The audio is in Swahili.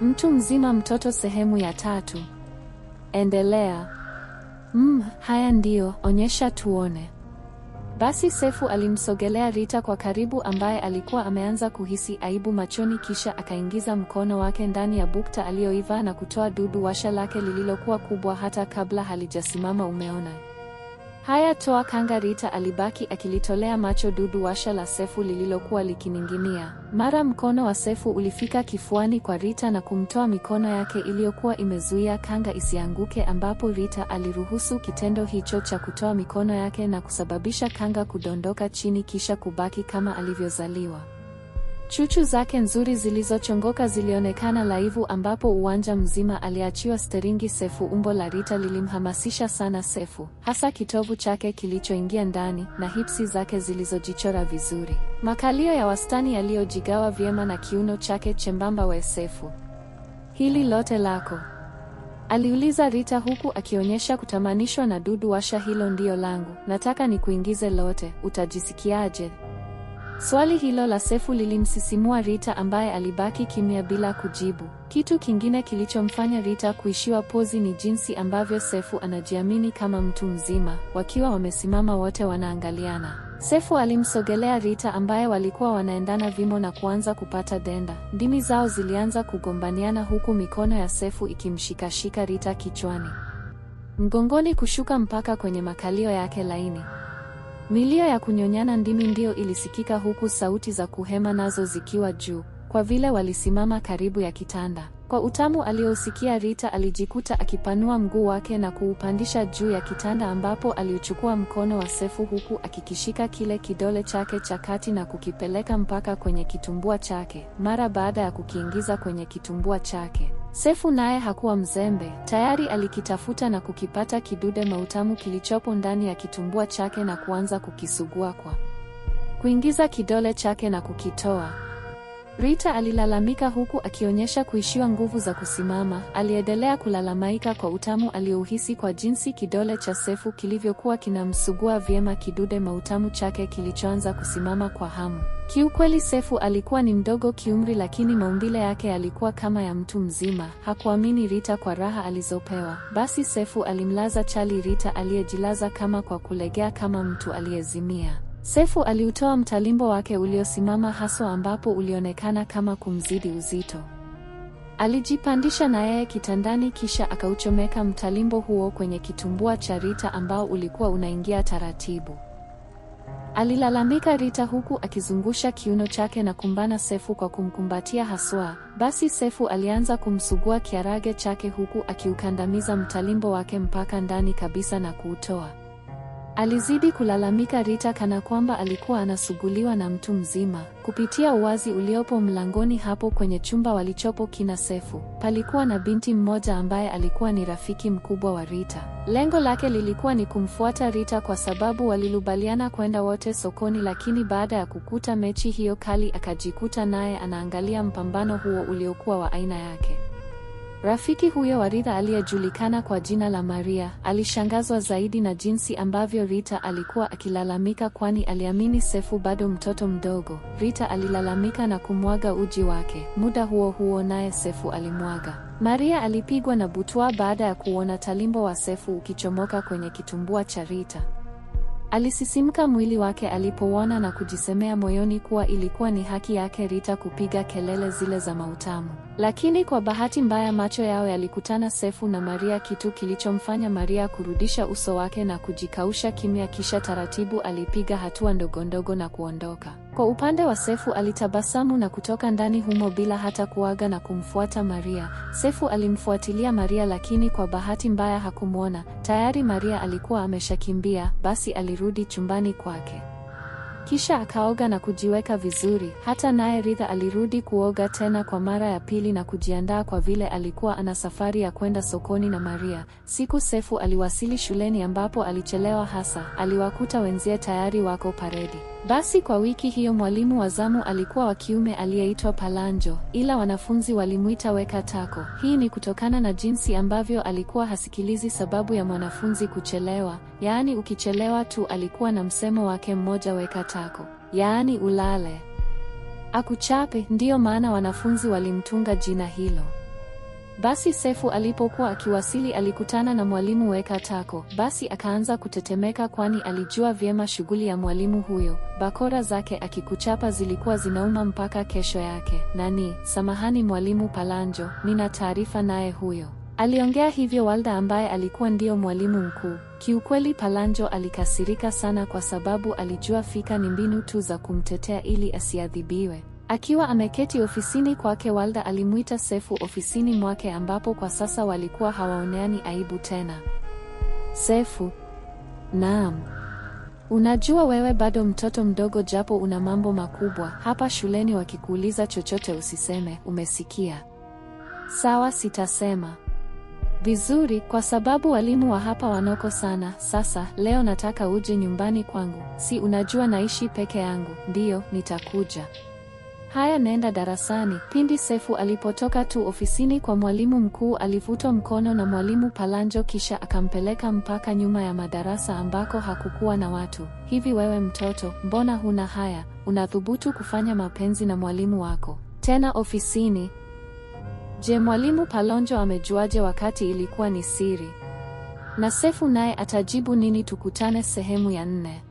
Mtu mzima mtoto sehemu ya tatu. Endelea. Mm, haya ndiyo, onyesha tuone. Basi Sefu alimsogelea Rita kwa karibu ambaye alikuwa ameanza kuhisi aibu machoni kisha akaingiza mkono wake ndani ya bukta aliyoivaa na kutoa dudu washa lake lililokuwa kubwa hata kabla halijasimama umeona. Haya toa kanga. Rita alibaki akilitolea macho dudu washa la Sefu lililokuwa likining'inia. Mara mkono wa Sefu ulifika kifuani kwa Rita na kumtoa mikono yake iliyokuwa imezuia kanga isianguke, ambapo Rita aliruhusu kitendo hicho cha kutoa mikono yake na kusababisha kanga kudondoka chini kisha kubaki kama alivyozaliwa. Chuchu zake nzuri zilizochongoka zilionekana laivu ambapo uwanja mzima aliachiwa steringi Sefu. Umbo la Rita lilimhamasisha sana Sefu, hasa kitovu chake kilichoingia ndani na hipsi zake zilizojichora vizuri, makalio ya wastani yaliyojigawa vyema na kiuno chake chembamba. We Sefu, hili lote lako? aliuliza Rita huku akionyesha kutamanishwa na dudu. Washa, hilo ndiyo langu. Nataka nikuingize lote, utajisikiaje? Swali hilo la Sefu lilimsisimua Rita ambaye alibaki kimya bila kujibu. Kitu kingine kilichomfanya Rita kuishiwa pozi ni jinsi ambavyo Sefu anajiamini kama mtu mzima. Wakiwa wamesimama wote wanaangaliana. Sefu alimsogelea Rita ambaye walikuwa wanaendana vimo na kuanza kupata denda. Ndimi zao zilianza kugombaniana huku mikono ya Sefu ikimshikashika Rita kichwani. Mgongoni kushuka mpaka kwenye makalio yake laini. Milio ya kunyonyana ndimi ndio ilisikika huku sauti za kuhema nazo zikiwa juu, kwa vile walisimama karibu ya kitanda. Kwa utamu aliyosikia Rita alijikuta akipanua mguu wake na kuupandisha juu ya kitanda ambapo aliuchukua mkono wa Sefu huku akikishika kile kidole chake cha kati na kukipeleka mpaka kwenye kitumbua chake, mara baada ya kukiingiza kwenye kitumbua chake. Sefu naye hakuwa mzembe, tayari alikitafuta na kukipata kidude mautamu kilichopo ndani ya kitumbua chake na kuanza kukisugua kwa kuingiza kidole chake na kukitoa. Rita alilalamika huku akionyesha kuishiwa nguvu za kusimama. Aliendelea kulalamaika kwa utamu aliohisi kwa jinsi kidole cha Sefu kilivyokuwa kinamsugua vyema kidude mautamu chake kilichoanza kusimama kwa hamu. Kiukweli Sefu alikuwa ni mdogo kiumri lakini maumbile yake yalikuwa kama ya mtu mzima. Hakuamini Rita kwa raha alizopewa. Basi Sefu alimlaza chali Rita aliyejilaza kama kwa kulegea kama mtu aliyezimia. Sefu aliutoa mtalimbo wake uliosimama haswa ambapo ulionekana kama kumzidi uzito. Alijipandisha na yeye kitandani kisha akauchomeka mtalimbo huo kwenye kitumbua cha Rita ambao ulikuwa unaingia taratibu alilalamika Rita huku akizungusha kiuno chake na kumbana Sefu kwa kumkumbatia haswa. Basi Sefu alianza kumsugua kiarage chake huku akiukandamiza mtalimbo wake mpaka ndani kabisa na kuutoa. Alizidi kulalamika Rita kana kwamba alikuwa anasuguliwa na mtu mzima. Kupitia uwazi uliopo mlangoni hapo kwenye chumba walichopo kina Sefu, palikuwa na binti mmoja ambaye alikuwa ni rafiki mkubwa wa Rita. Lengo lake lilikuwa ni kumfuata Rita kwa sababu walilubaliana kwenda wote sokoni, lakini baada ya kukuta mechi hiyo kali akajikuta naye anaangalia mpambano huo uliokuwa wa aina yake. Rafiki huyo wa rita aliyejulikana kwa jina la Maria alishangazwa zaidi na jinsi ambavyo Rita alikuwa akilalamika kwani aliamini Sefu bado mtoto mdogo. Rita alilalamika na kumwaga uji wake. Muda huo huo naye Sefu alimwaga. Maria alipigwa na butwaa baada ya kuona talimbo wa Sefu ukichomoka kwenye kitumbua cha Rita. Alisisimka mwili wake alipouona na kujisemea moyoni kuwa ilikuwa ni haki yake Rita kupiga kelele zile za mautamu. Lakini kwa bahati mbaya macho yao yalikutana Sefu na Maria, kitu kilichomfanya Maria kurudisha uso wake na kujikausha kimya, kisha taratibu alipiga hatua ndogondogo na kuondoka. Kwa upande wa Sefu alitabasamu na kutoka ndani humo bila hata kuaga na kumfuata Maria. Sefu alimfuatilia Maria lakini kwa bahati mbaya hakumwona. Tayari Maria alikuwa ameshakimbia, basi alirudi chumbani kwake. Kisha akaoga na kujiweka vizuri. Hata naye Ridha alirudi kuoga tena kwa mara ya pili na kujiandaa kwa vile alikuwa ana safari ya kwenda sokoni na Maria. Siku Sefu aliwasili shuleni ambapo alichelewa hasa, aliwakuta wenzie tayari wako paredi. Basi kwa wiki hiyo mwalimu wa zamu alikuwa wa kiume aliyeitwa Palanjo, ila wanafunzi walimwita Weka Tako. Hii ni kutokana na jinsi ambavyo alikuwa hasikilizi sababu ya mwanafunzi kuchelewa, yaani ukichelewa tu alikuwa na msemo wake mmoja, Weka Tako, yaani ulale akuchape. Ndiyo maana wanafunzi walimtunga jina hilo. Basi Sefu alipokuwa akiwasili alikutana na mwalimu Weka Tako, basi akaanza kutetemeka kwani alijua vyema shughuli ya mwalimu huyo. Bakora zake akikuchapa zilikuwa zinauma mpaka kesho yake. Nani, samahani mwalimu Palanjo, nina taarifa naye huyo. Aliongea hivyo Walda ambaye alikuwa ndiyo mwalimu mkuu. Kiukweli Palanjo alikasirika sana kwa sababu alijua fika ni mbinu tu za kumtetea ili asiadhibiwe. Akiwa ameketi ofisini kwake, Walda alimwita Sefu ofisini mwake ambapo kwa sasa walikuwa hawaoneani aibu tena. Sefu: Naam. Unajua wewe bado mtoto mdogo japo una mambo makubwa. Hapa shuleni wakikuuliza chochote usiseme, umesikia? Sawa, sitasema. Vizuri, kwa sababu walimu wa hapa wanoko sana. Sasa leo nataka uje nyumbani kwangu, si unajua naishi peke yangu. Ndiyo, nitakuja. Haya, naenda darasani. Pindi Sefu alipotoka tu ofisini kwa mwalimu mkuu, alivutwa mkono na mwalimu Palanjo, kisha akampeleka mpaka nyuma ya madarasa ambako hakukuwa na watu. Hivi wewe mtoto, mbona huna haya? Unathubutu kufanya mapenzi na mwalimu wako tena ofisini? Je, mwalimu Palonjo amejuaje wakati ilikuwa ni siri? Na Sefu naye atajibu nini? Tukutane sehemu ya nne.